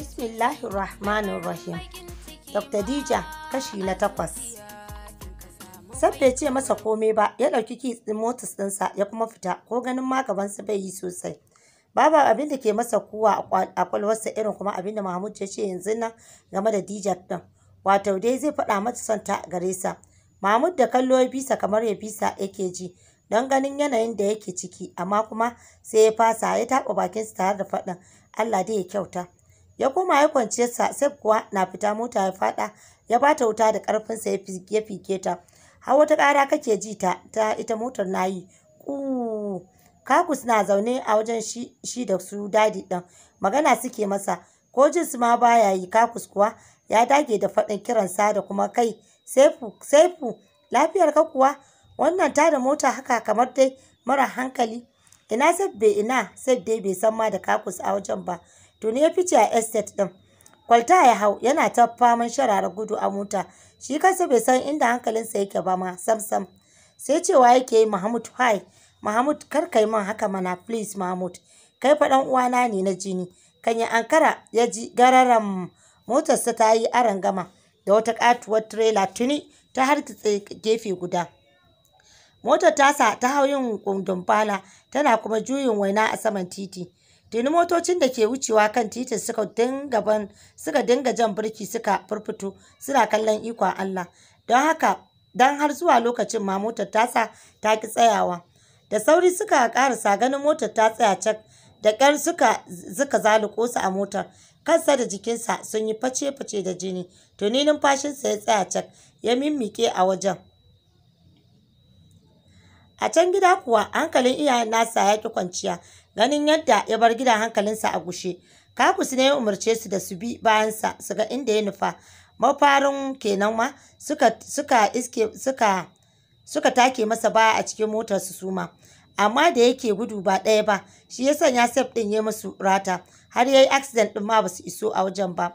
Bismillahirrahmanirrahim. Dr. Dija kashi na takwas. Sab bai ce masa komai ba ya ɗauki kitsin motis ɗinsa ya kuma fita ko ganin ma bai yi sosai. Babu abin da ke masa kuwa a kwalwarsa irin kuma abin da Mahmud ya ce yanzu nan game da Dija ɗin. Wato dai zai faɗa mata son ta gare sa. Mahmud da kallo ya bisa kamar ya bisa yake ji don ganin yanayin da yake ciki amma kuma sai ya fasa ya taɓa bakinsa tare da faɗin Allah dai ya kyauta. ya koma ya kwance sa, sai kuwa na fita mota ya fada ya bata wuta da karfin sa ya fike ta har wata ƙara kake ji ta ta ita motar nayi ku kakus na zaune a wajen shi, shi da su dadi ɗin magana suke masa ko jin su ma baya yi kakus kuwa ya dage da faɗin sa da kuma kai saifu saifu lafiyar ka kuwa wannan ta da mota haka kamar dai mara hankali ina sabbe ina dai bai san ma da kakus a wajen ba tuni ya fice a estate ɗin kwalta ya hau yana ta faman sharara gudu a mota shi kansa bai san inda hankalinsa yake ba ma sam sai cewa yake yi mahmud hai mahmud kar kai man haka mana please mahmud kai fa dan uwana ne na jini kan ya ankara ya ji gararan motarsa ta yi aran gama da wata katuwar trailer tuni ta hargitse gefe guda motar tasa ta hau yin kundumfala tana kuma juyin waina a saman titi tuni motocin da ke wucewa kan titin suka dinga suka dinga jan birki suka furfuto suna kallon ikon Allah don haka don har zuwa lokacin ma motar tasa ta ki tsayawa da sauri suka karasa ganin motar ta tsaya cak da ƙyar suka zuka zaluko su a motar kansa da jikinsa sun yi face-face da jini tuni numfashinsa ya tsaya cak ya mimmike a wajen a can gida kuwa hankalin iyayen nasa ya ƙi kwanciya ganin yadda ya bar gidan hankalinsa a gushe kakus ne ya umarce su da su bi bayansa su ga inda ya nufa mafarin kenan ma suka take masa baya a cikin motar su suma amma da yake gudu ba ɗaya ba shi ya sanya sef ɗin ya musu rata har ya yi accident ɗin ma ba su iso a wajen ba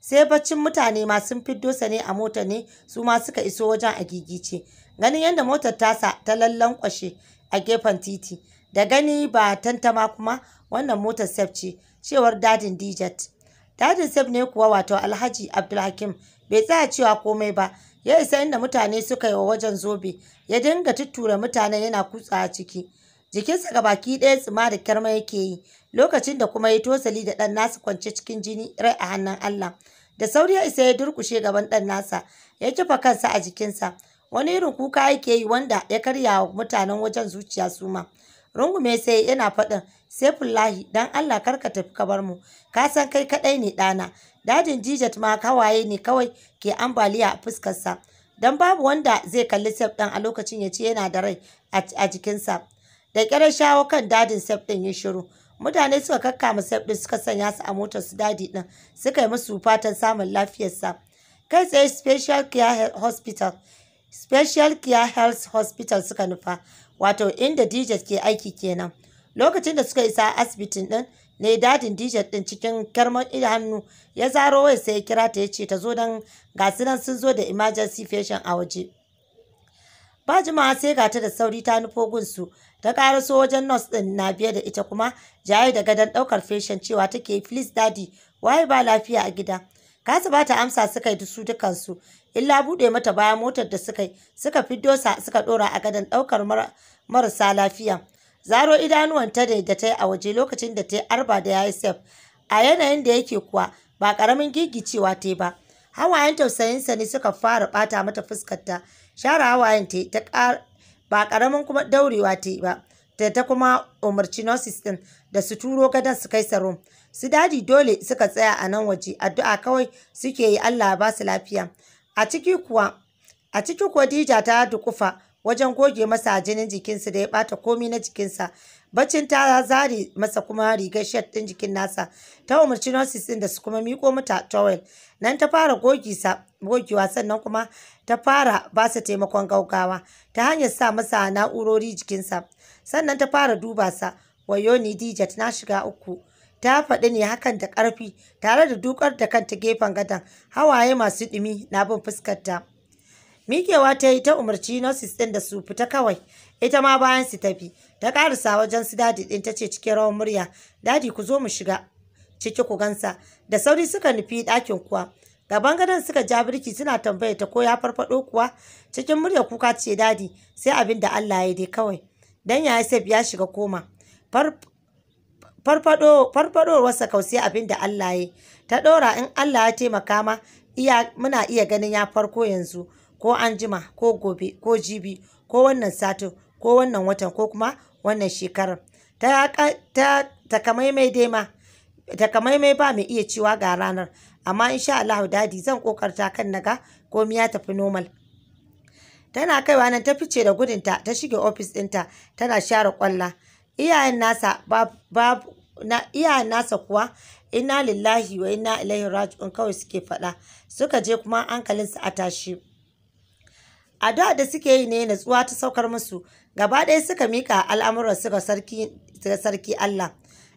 sai baccin mutane ma sun fiddo sa ne a mota ne su ma suka iso wajen a gigice ganin yadda motar tasa ta lallan kwashe a gefen titi da gani ba tantama kuma wannan motar sef ce cewar dadin dijet dadin sef ne kuwa wato alhaji abdulhakim bai tsaya cewa komai ba ya isa inda mutane suka yi wa wajen zobe ya dinga tuttura mutanen yana kutsa a ciki jikinsa ga baki ɗaya tsima da kyarma yake yi lokacin da kuma ya tosali da ɗan nasa kwance cikin jini rai a hannun Allah da sauri ya isa ya durkushe gaban ɗan nasa ya kifa kansa a jikinsa wani irin kuka yake yi wanda ya karya wa mutanen wajen zuciya suma rungume sai yana faɗin sefullahi dan allah karka tafi ka bar mu ka san kai kadai ne dana dadin jijat ma kawaye ne kawai ke ambaliya a fuskarsa dan babu wanda zai kalli sef ɗin a lokacin ya ce yana da rai a jikin sa da ƙyarar shawo kan dadin sef ɗin ya shiru mutane suka kakkama sef ɗin suka sanya su a motar su dadi ɗin suka yi musu fatan samun lafiyar sa kai tsaye special care hospital special care health hospital suka nufa wato inda Dijet ke aiki kenan. Lokacin da suka isa asibitin ɗin ne dadin Dijet ɗin cikin karmar hannu ya zaro wai sai ya kira ta ya ce ta zo don gasu nan sun zo da emergency fashion a waje. Ba jimawa sai gata da sauri ta nufo gunsu ta karaso wajen nurse ɗin na biye da ita kuma jaye da gadon ɗaukar fashion cewa take please daddy waye ba lafiya a gida. kasa ba ta amsa suka yi su dukansu illa buɗe mata bayan motar da suka yi suka fiddo sa suka ɗora a gadon ɗaukar marasa lafiya zaro idanuwan ta da ta yi a waje lokacin da ta yi arba da yasef a yanayin da yake kuwa ba ƙaramin gigicewa ta ba hawayen tausayinsa ne suka fara bata mata fuskarta share hawayen ta ba ƙaramin kuma daurewa ta ba ta ta kuma umarci nurses ɗin da su turo gadon su kai sa su dadi dole suka tsaya a nan waje addu'a kawai suke yi Allah ba su lafiya a ciki kuwa a ciki kuwa Dija ta dukufa wajen goge masa jinin jikinsa da ya bata komi na jikinsa baccin ta zare masa kuma rigar shirt din jikin nasa ta umarci nurses din da su kuma miko mata towel nan ta fara sa gogewa sannan kuma ta fara ba su taimakon gaugawa ta hanyar sa masa na'urori jikinsa sannan ta fara duba sa wayo ni Dijat na shiga uku ta faɗi ne hakan da ƙarfi tare da dukar da kanta gefen gadon hawaye masu ɗumi na bin fuskarta mikewa ta yi ta umarci nurses ɗin da su fita kawai ita ma bayan su tafi ta ƙarisa wajen su dadi ɗin ta ce cikin rawan murya dadi ku zo mu shiga ciki ku gansa da sauri suka nufi ɗakin kuwa gaban gadon suka ja birki suna tambaya ta ko ya farfaɗo kuwa cikin murya kuka ce dadi sai abin da Allah ya dai kawai dan ya Yasef ya shiga koma farfado farfadowarsa kausi abin da Allah ya ta ɗora in Allah ya taimaka ma iya muna iya ganin ya farko yanzu ko anjima, jima ko gobe ko jibi ko wannan sato, ko wannan watan ko kuma wannan shekarar ta ta takamaimai dai ma takamaimai ba mai iya cewa ga ranar amma insha Allah dadi zan kokarta kan naga komai ya tafi normal tana kaiwa nan ta fice da gudunta ta shige ofis ɗinta tana share kwalla iyayen nasa iya nasa kuwa inna lillahi wa inna ilaihi raji'un kawai suke faɗa suka je kuma hankalinsu a tashi addu'a da suke yi ne natsuwa ta saukar musu gaba ɗaya suka mika al'amuran suka sarki sarki Allah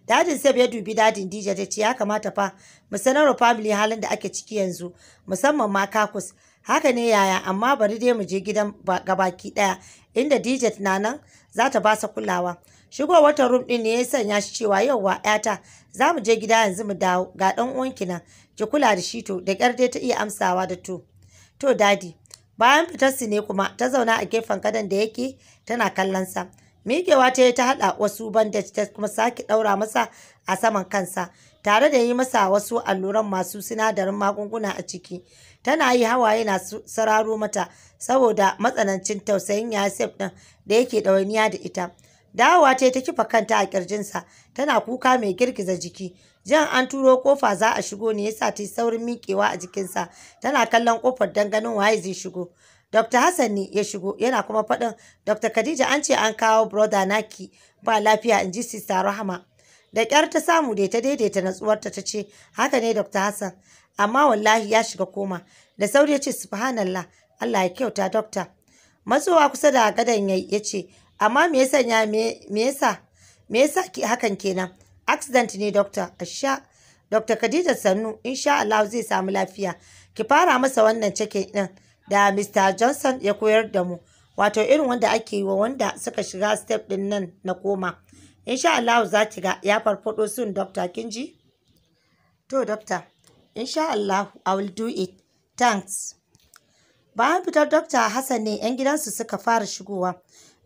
dadin sai ya dubi dadin Dija ta ce ya kamata fa mu sanarwa family halin da ake ciki yanzu musamman ma kakus haka ne yaya amma bari dai mu je gidan gabaki ɗaya inda Dija na nan za ta ba sa kulawa shigo wata rum ɗin ne ya sanya shi cewa yauwa ‘yata za mu je gida yanzu mu dawo ga ɗan ki nan ki kula da shi to da kyar dai ta iya amsawa da to to dadi bayan fitar su ne kuma ta zauna a gefen gadon da yake tana kallon sa miƙewa ta yi ta haɗa wasu bandage ta kuma sake ɗaura masa a saman kansa tare da yi masa wasu alluran masu sinadarin magunguna a ciki tana yi hawaye na sararo mata saboda matsanancin tausayin yasef ɗin da yake ɗawainiya da ita dawowa ta ta kifa kanta a kirjinsa tana kuka mai girgiza jiki jan an turo kofa za a shigo ne yasa ta yi saurin miƙewa a jikinsa tana kallon kofar don ganin waye zai shigo Dr. Hassan ne ya shigo yana kuma faɗin Dr. Khadija an ce an kawo brother naki ba lafiya in ji Sista Rahama. Da ƙyar ta samu da ta daidaita natsuwarta ta ce haka ne Dr. Hassan amma wallahi ya shiga koma da sauri ya ce subhanallah Allah ya kyauta Dokta. Matsowa kusa da gadon yayi ya ce amma me yasa ya me yasa me yasa hakan kenan accident ne doctor asha doctor Khadija Sannu insha Allah zai samu lafiya ki fara masa wannan cikin din da Mr. Johnson ya koyar da mu wato irin wanda ake yi wa wanda suka shiga step din nan na koma insha Allah za ki ga ya farfado sun doctor kinji to doctor insha Allah I will do it thanks bayan fitar doctor Hassan ne yan gidansu suka fara shigowa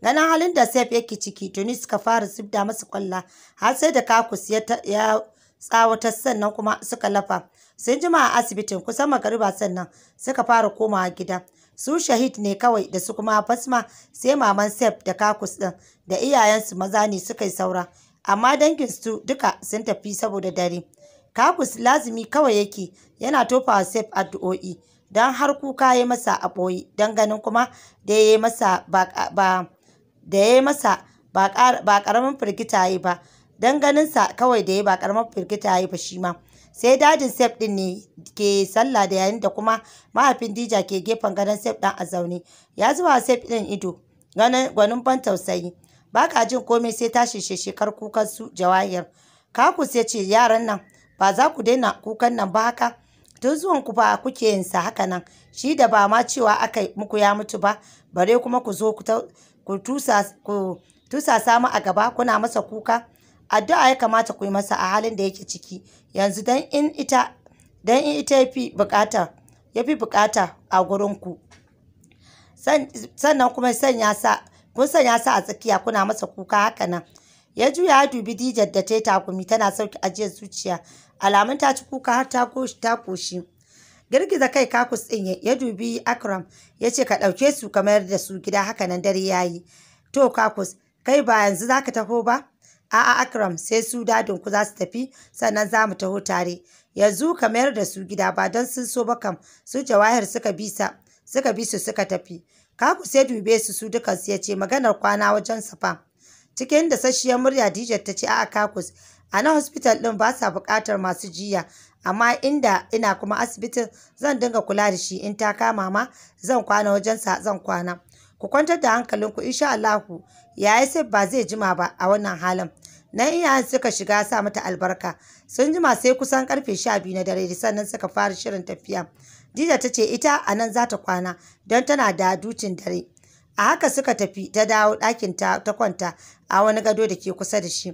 ganin halin da sef yake ciki tuni suka fara zubda masa kwalla har sai da kakus ya tsawatar sannan kuma suka lafa sun jima a asibitin kusan magariba sannan suka fara komawa gida su shahid ne kawai da su kuma fasma sai maman sef da kakus ɗin da iyayensu maza ne suka yi saura amma dangin su duka sun tafi saboda dare kakus lazimi kawai yake yana tofawa sef addu'o'i don har kuka ya masa aboyi dan don ganin kuma da ya yi masa ba da ya yi masa ba ƙaramin firgita yi ba don ganinsa kawai da ya ba ƙaramin firgita yi ba shi ma sai dajin sef ɗin ne ke sallah da yayin da kuma mahaifin dija ke gefen ganin sef ɗin a zaune ya zuba sef ɗin ido gwanin ban tausayi ba ka jin komai sai tashi shekar kukan su jawahir kakus ya ce yaran nan ba za ku daina kukan nan ba haka tun zuwan ku ba kuke yin sa haka nan shi da ba ma cewa aka muku ya mutu ba bare kuma ku zo ku ku tusa mu a gaba kuna masa kuka addu'a ya kamata ku yi masa a halin da yake ciki yanzu dan in ita dan in ita yafi bukata yafi bukata a gurin ku sannan kuma sanya sa kun sanya sa a tsakiya kuna masa kuka haka nan ya juya ya dubi dijar da ta yi takumi tana sauki ajiyar zuciya alamun ta ci kuka har ta koshi girgiza kai kakus din ya dubi akram ya ce ka ɗauke su ka da su gida haka nan dare ya yi to kakus kai ba yanzu za ka taho ba a'a akram sai su dadin ku za su tafi sannan za mu taho tare yanzu ka mayar da su gida ba don sun so ba kam su jawahir suka bisa suka bi su suka tafi Kakus ya dube su su dukansu ya ce maganar kwana wajen safa cikin da sashiyar murya dijar ta ce a'a kakus a na hospital ɗin ba sa buƙatar masu jiya amma inda ina kuma asibitin zan dinga kula da shi in ta kama ma zan kwana wajensa zan kwana ku kwantar da hankalinku insha Allahu yayi sai ba zai jima ba a wannan halin nan iyayen suka shiga sa mata albarka sun jima sai kusan karfe sha biyu na dare sannan suka fara shirin tafiya Dida ta ce ita a nan za ta kwana don tana da dutin dare a haka suka tafi ta dawo ɗakin ta kwanta a wani gado da ke kusa da shi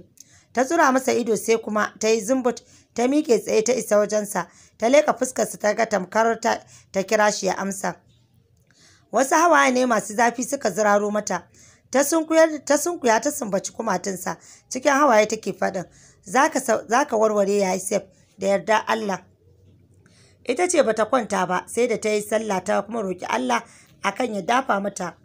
ta tsura masa ido sai kuma ta yi zumbut ta miƙe tsaye ta isa wajensa ta leƙa fuskarsa ta ga tamkar ta kira shi ya amsa wasu hawaye ne masu zafi suka ziraro mata ta sunkuya ta sumbaci kumatunsa cikin hawaye take faɗin za ka warware ya yi da yarda Allah ita ce bata kwanta ba sai da ta yi sallah ta kuma roƙi Allah akan ya dafa mata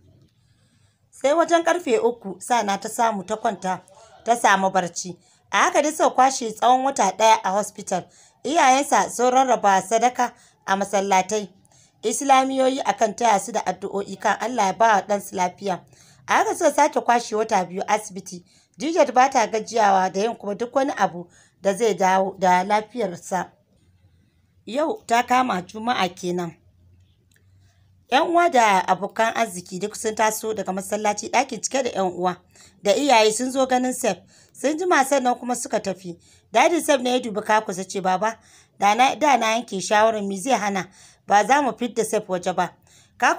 sai wajen karfe uku sana ta samu ta kwanta ta samu barci a haka dai, sau kwashe tsawon wata ɗaya a hospital iyayensa sun rarraba sadaka a masallatai islamiyoyi akan taya su da addu'o'i kan allah ya ba wa ɗansu lafiya a haka suka sake kwashe wata biyu asibiti jijiyar ba ta gajiyawa da yin kuma duk wani abu da zai dawo da lafiyarsa yau ta kama juma'a kenan 'Yan uwa da abokan arziki duk sun taso daga masallaci ɗakin cike da 'yan uwa da iyaye sun zo ganin Sef. Sun ji jima nan kuma suka tafi. Dadin Sef ne ya dubi kakusa ce baba da na da na yanke shawarar mi zai hana ba za mu fidda Sef waje ba.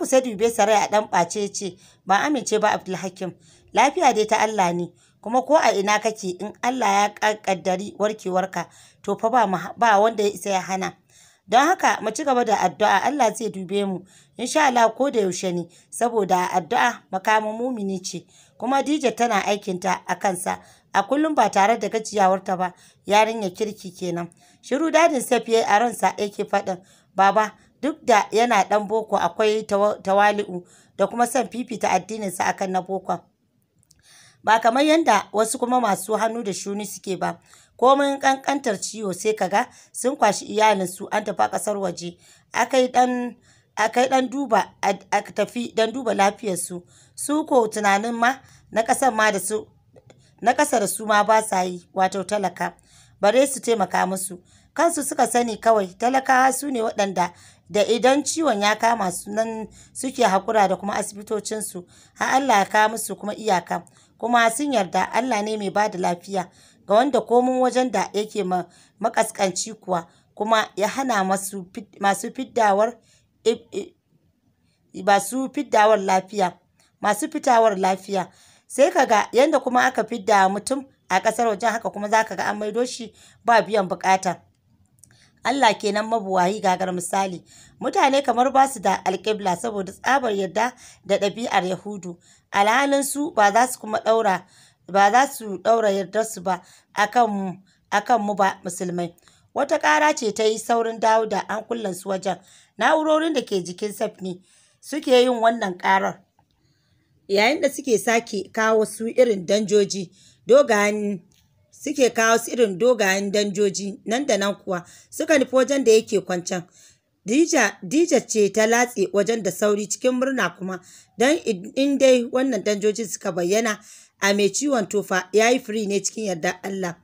sai dube sarai a ɗan ɓace ce ba amince ba Abdulhakim. Lafiya dai ta Allah ne kuma ko a ina kake in Allah ya ƙaddari warkewarka to fa ba wanda ya isa ya hana. don haka mu ci gaba da addu'a Allah zai dube mu insha Allah ko da yaushe ne saboda addu'a makamin mumini ce kuma Dija tana aikinta a kansa a kullum ba tare da gajiyawarta ba yarinya kirki kenan shiru dadin safiye a ransa yake faɗin baba duk da yana ɗan boko akwai tawali'u da kuma son fifita addininsa akan na bokon ba kamar yadda wasu kuma masu hannu da shuni suke ba Komai kankantar ciwo sai kaga sun kwashi iyalin su an tafi kasar waje akai dan akai dan duba a tafi dan duba lafiyar su su ko tunanin ma na kasar ma da su na kasar su ma ba sa yi wato talaka bare su taimaka musu kansu suka sani kawai talakawa su ne waɗanda da idan ciwon ya kama su nan suke haƙura da kuma asibitocinsu har Allah ya kawo musu kuma iyaka kuma sun yarda Allah ne mai ba da lafiya ga wanda komin wajen da yake makaskanci kuwa kuma ya hana masu fiddawar masu fiddawar lafiya masu fitawar lafiya sai ka ga yadda kuma aka fidda mutum a ƙasar wajen haka kuma za ka ga an maido shi ba biyan bukata Allah kenan mabuwayi gagar misali mutane kamar ba su da alƙibla saboda tsabar yadda da ɗabi'ar yahudu alhalin su ba za su kuma ɗaura ba za su ɗaura yardarsu ba a kanmu mu ba musulmai wata ƙara ce ta yi saurin dawo da an su wajen na'urorin da ke jikin safni suke yin wannan ƙarar yayin da suke sake kawo su irin danjoji dogayen suke kawo su irin dogayen danjoji nan da nan kuwa suka nufi wajen da yake kwancan Dija, Dija ce ta latse wajen da sauri cikin murna kuma don in dai wannan danjoji suka bayyana a mai ciwon tufa, ya yi firi ne cikin yarda Allah.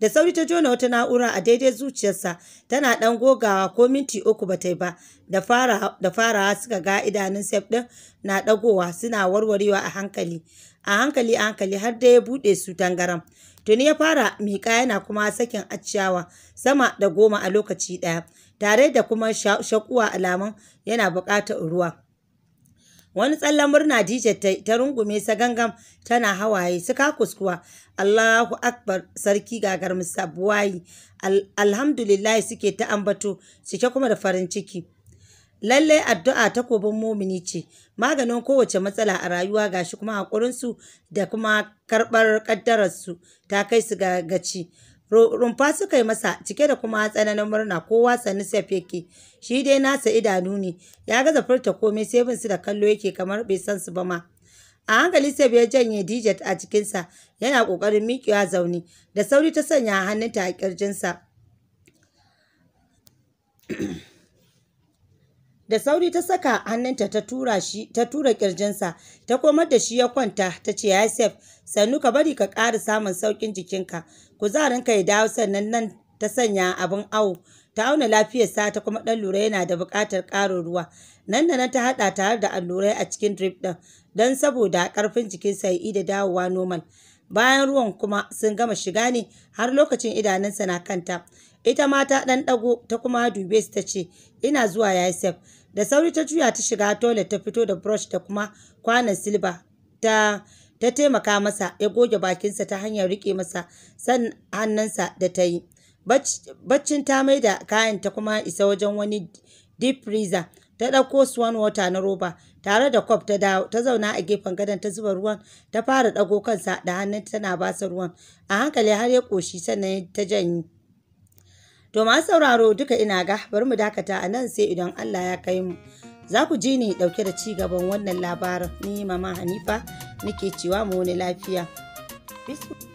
Da sauri ta jona wata na'ura a daidai zuciyarsa tana ɗan gogawa ko minti uku ba ta yi ba da farawa suka ga idanun sef ɗin na ɗagowa suna warwarewa a hankali. A hankali a hankali har da ya buɗe su tangaram. Tuni ya fara miƙa yana kuma sakin ciyawa sama da goma a lokaci ɗaya tare da kuma shakuwa alamun yana buƙatar ruwa. wani tsallan murna DJ ta rungume sa gangam tana hawaye suka kuskuwa Allahu akbar sarki gagar musabuwayi alhamdulillah suke ta ambato cike kuma da farin ciki lallai addu'a ta takobin momini ce maganin kowace matsala a rayuwa gashi kuma hakurinsu da kuma karɓar ƙaddararsu ta kai su ga gaci rumfa suka yi masa cike da kuma tsananin murna kowa sani sef yake shi dai nasa idanu ne ya gaza furta komai sai bin su da kallo yake kamar bai san su ba ma a hankali sai ya janye dijet a cikinsa yana ƙoƙarin miƙewa zaune da sauri ta sanya hannunta a ƙirjinsa da sauri ta saka hannunta ta tura shi ta tura kirjinsa ta komar da shi ya kwanta ta ce yasef sannu ka bari ka ƙara samun saukin jikinka kuzarinka ya dawo sannan nan ta sanya abin awo ta auna lafiyarsa ta kuma ɗan lura yana da buƙatar ƙarin ruwa nan da nan ta haɗa tare da allurai a cikin drip ɗin don saboda ƙarfin jikinsa ya da dawowa normal bayan ruwan kuma sun gama shiga ne har lokacin idanunsa na kanta ita mata ta ɗan ɗago ta kuma dube su ta ce ina zuwa yasef da sauri ta juya ta shiga toilet ta fito da brush da kuma kwanan silba ta ta taimaka masa ya goge bakinsa ta hanyar rike masa san hannunsa da ta yi baccin ta mai da kayan ta kuma isa wajen wani deep freezer ta ɗauko swan water na roba tare da kwaf ta dawo ta zauna a gefen gadon ta zuba ruwan ta fara ɗago kansa da hannun tana basa ruwan a hankali har ya ƙoshi sannan ta janyi To masu sauraro duka ina ga bari mu dakata a nan sai idan Allah ya kai mu. Za ku ji ni ɗauke da ci gaban wannan labarin ni mama Hanifa nake cewa mu wani lafiya. Bismillah.